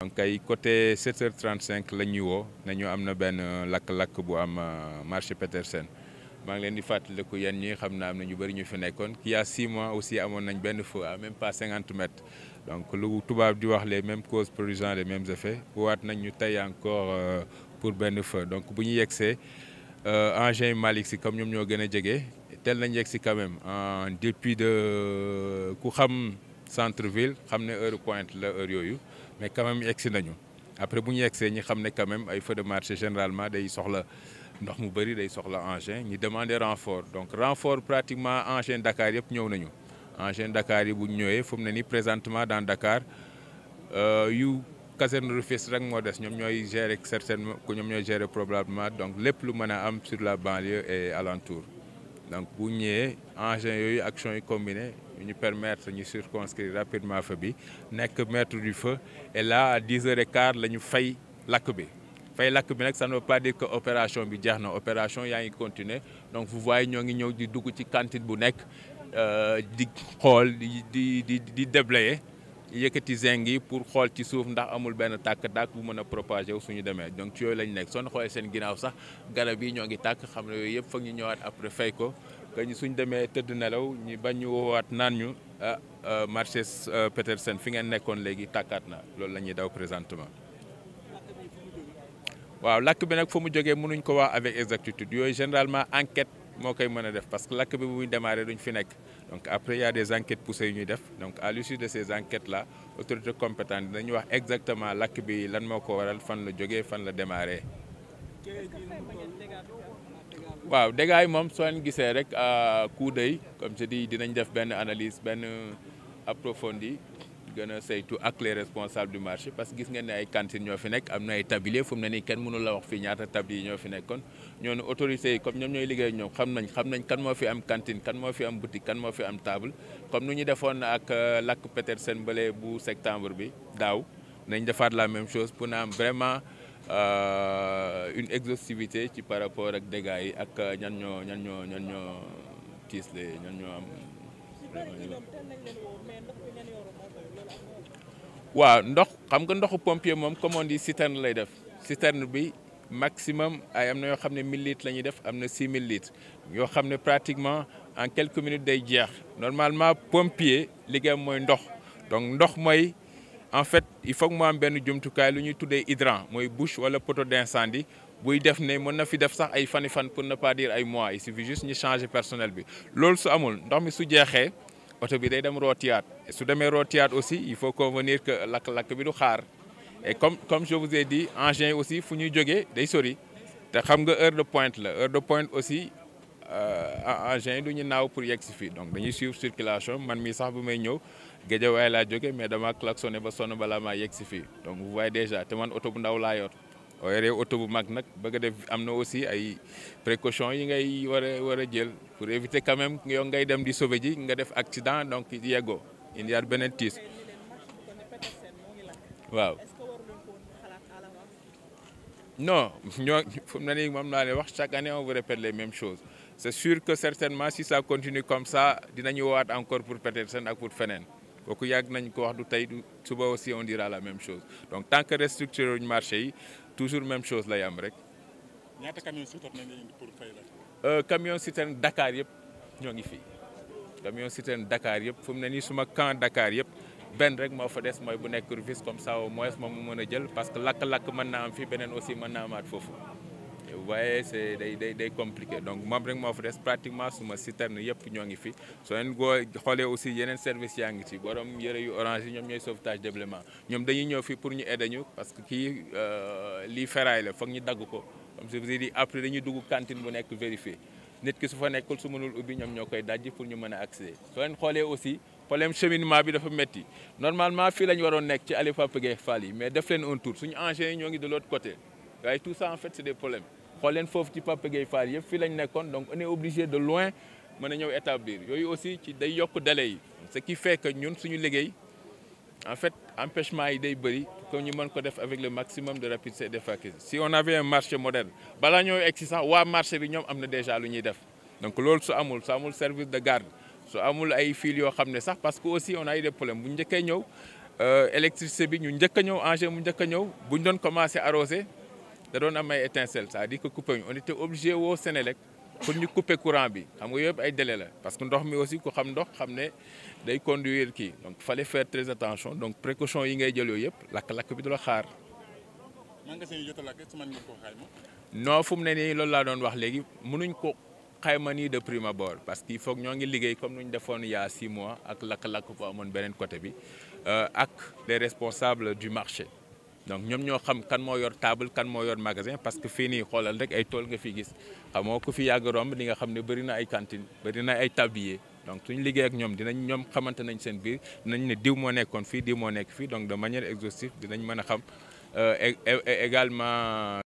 donc ay côté 7h35 la ñuy woo nañu am na benn euh, lakk-lakk bu am euh, marché Petersen maa ngi leen di fàttaliku yéen ñi xam na am na ñu bëri ñu fi nekkoon il y mois aussi amoon nañ benn feu à même pas 50 donc lu tubaab di wax les mêmes causes produisant les mêmes effets waat nañ ñu tey encore euh, pour benn feu donc bu ñu yegsee engins Malick si comme ñoom ñoo gën a jege tel nañ yegg si quand même en depuis de ku xam. centre ville xam ne heure pointe la heure yooyu mais quand même yegg si nañu après bu ñu yeggsee ñi xam ne quand même ay de marché généralement day soxla ndox mu bëri day soxla engin ñi demandé renfort donc renfort pratiquement engin Dakar yëpp ñëw nañu engin Dakar yi bu ñu ñëwee fu mu ne nii présentement dans Dakar euh, yu caserne Rufisque rek moo des ñoom ñooy gérer certainement ñoom ñooy gérer probablement donc lépp lu mën am sur la banlieue et alentour donc bu ñëwee engin yooyu action yi combiné ñu permettre ñu circonscrire rapidement feu bi nekk maître du feu et la à dix heures et quart la ñu fay lakk bi fay lakk bi nag ça ne pas dire que opération bi jeex na opération yaa ngi continuer donc vous ñoo ngi ñëw di dugg ci cantine bu nekk euh, di xool di di di di déblayer yëkkati zinc yi pour xool ci suuf ndax amul benn tàkk-tàkk bu mën a propager wu suñu demee donc ci yooyu lañ nekk soo xoolee seen ginnaaw sax garab yi ñoo ngi tàkk xam ne yooyu yëpp foog ñu ñëwaat après fay que ñu suñ demee tëdd nelaw ñu bañ ñu woowaat naan ñu ah, ah marché ah, Petersen fi ngeen nekkoon léegi tàkkaat na loolu la ñuy daw présentement waaw lakk bi nag fu mu jógee mënuñ ko wax avec exactitude yooyu généralement enquête moo koy mën a def parce que lakk bi bu ñu démarré duñ fi nekk donc après il y a des enquêtes poussées yu ñuy def donc à l'issue de ces enquêtes là autorité compétente dañuy wax exactement lakk bi lan moo ko waral fan la jógee fan la démarré waaw dégâts yi moom soo gisee rek à euh, coup d'œil comme je dis dinañ def benn analyse benn approfondie gën a saytu ak les responsables du marché parce que gis ngeen ne ay cantines ñoo fi nekk am na ay tablier fu mu ne nii kenn mënu la wax fii ñaata tablier yi ñoo fi nekkoon ñoonu autorités yi comme ñoom ñooy liggéey ñoom xam nañ xam nañ kan moo fi am cantine kan moo fi am boutique kan moo fi am table comme nu ñu defoon ak euh, lakk Petersen bële bu septembre bi daaw nañ defaat la même chose pour na am vraiment Euh, une exhaustivité ci par rapport ak dégâts yi ak euh, ñan ñoo ñan ñoo ñan ñoo tiisle ñan ñoo am. waaw ndox xam nga ndoxu pompier moom comme on dit citerne lay def citerne bi maximum ay am na yoo xam ne 1000 litres la ñuy def am na 6000 litres yoo xam ne pratiquement en quelques minutes day jeex normalement pompier liggéeyam mooy ndox donc ndox mooy. en fait il faut que mu am benn jumtukaay lu ñuy tuddee hydrant mooy bouche wala poteau d'incendie buy def ne mën na fi def sax ay fani fan pour na pas dire ay mois il suffit juste ñu changer personnel bi lool su amul ndox mi su jeexee oto bi day dem rootiyaat su demee rootiyaat aussi il faut convenir que lakk-lakk bi du xaar e comme comme je vous ai dit engins yi aussi fu ñuy jogee day sori te xam nga heure de pointe la heure de pointe aussi euh, engins yi du ñu naaw pour yegg si fii donc dañuy suivre circulation man mii sax bu may ñëw Guédiawaye laa jóge mais dama klaxonné ba sonn balaa maa yegg si fii donc vous voyez déjà te man oto bu ndaw laa yor boo yoree oto bu mag nag ba a def am na aussi ay précautions yi ngay war a war a jël pour éviter quand même ngay dem di sauver ji nga def accident donc yeggoo indiwaat beneen tiis waaw. non ñoo fu mu ne nii moom naa wax chaque année on vous répète les mêmes choses c'est sûr que certainement si ça continue comme ça dinañu woowaat encore pour Petersen ak pour feneen. kooku yàgg nañ ko wax du tey du suba aussi on dira la même chose donc tant que restructuré wuñ marché yi toujours même chose lay am rek. ñaata camion citerne nañ indi pour fay la. Euh, yëpp ñoo ngi fii camion citerne Dakar yëpp fu mu ne nii suma camp Dakar yëpp. benn rek moo fa des mooy bu nekk Rufisque comme ça au moins moom mu mën a jël parce que lakk-lakk mën naa am fii beneen aussi mën naa amaat foofu waaye voyez c'est day day day compliqué donc moom rek moo fi des pratiquement suma citerne yëpp ñoo ngi fi soo leen goo xoolee aussi yeneen service yaa ngi ci borom yëre yu orange yi ñoom ñooy sauvetage déblement ñoom dañuy ñëw fii pour ñu aider ñu parce que kii euh, lii ferraille la foog ñu dagg ko comme je vous ai dit après dañuy dugg cantine bu nekk vérifier nit ki su fa nekkul su mënul ubbi ñoom ñoo koy dajji pour ñu mën a accéder soo leen xoolee aussi problème cheminement bi dafa xool foofu ci Papa Gueye Fall yëpp fii lañ nekkoon donc on est obligé de loin mën a ñëw établir yooyu aussi ci day yokk délai yi ce qui fait que ñun suñu liggéey en fait empêchement yi day bëri pour ñu mën ko def avec le maximum de rapidité et d'efficacité si on avait un marché moderne balaa ñoo egg si sax waa marché bi ñoom am na déjà lu ñuy def donc loolu su amul su amul service de garde su amul ay fil yoo xam ne sax parce que aussi on a eu des problèmes bu njëkkee ñëw euh, électricité bi ñu njëkk ñëw engin mu njëkk a ñëw bu doon commencé arrosé da doon am ay étincelle c'est-à-dire que coupé on était obligé woo Sénélec pour ñu couper courant bi xam nga yëpp ay délai la parce que ndox mi aussi ku xam ndox xam ne day conduire kii donc fallait faire très attention donc précaution yi ngay jël yooyu yëpp lakk-lakk bi du la xaar. magasin yi jot a lakk est fu mu ne nii loolu laa doon wax léegi mënuñ ko xayma nii de prime abord parce que il faut ñoo ngi liggéey comme nu ñu defoon il y a six mois ak lakk-lakk bu amoon beneen côté bi euh, ak les responsables du marché. donc ñoom ñoo xam kan moo yor table kan moo yor magasin parce que fii nii xoolal rek ay tool nga fi gis xamoo ko fi yàgg romb di nga xam ne bëri na ay cantine bëri na ay tablier donc suñu liggéey ak ñoom dinañ ñoom xamante nañ seen biir dinañ ne diw moo nekkoon fii diw moo nekk fii donc de manière exhaustive dinañ mën a xam euh, également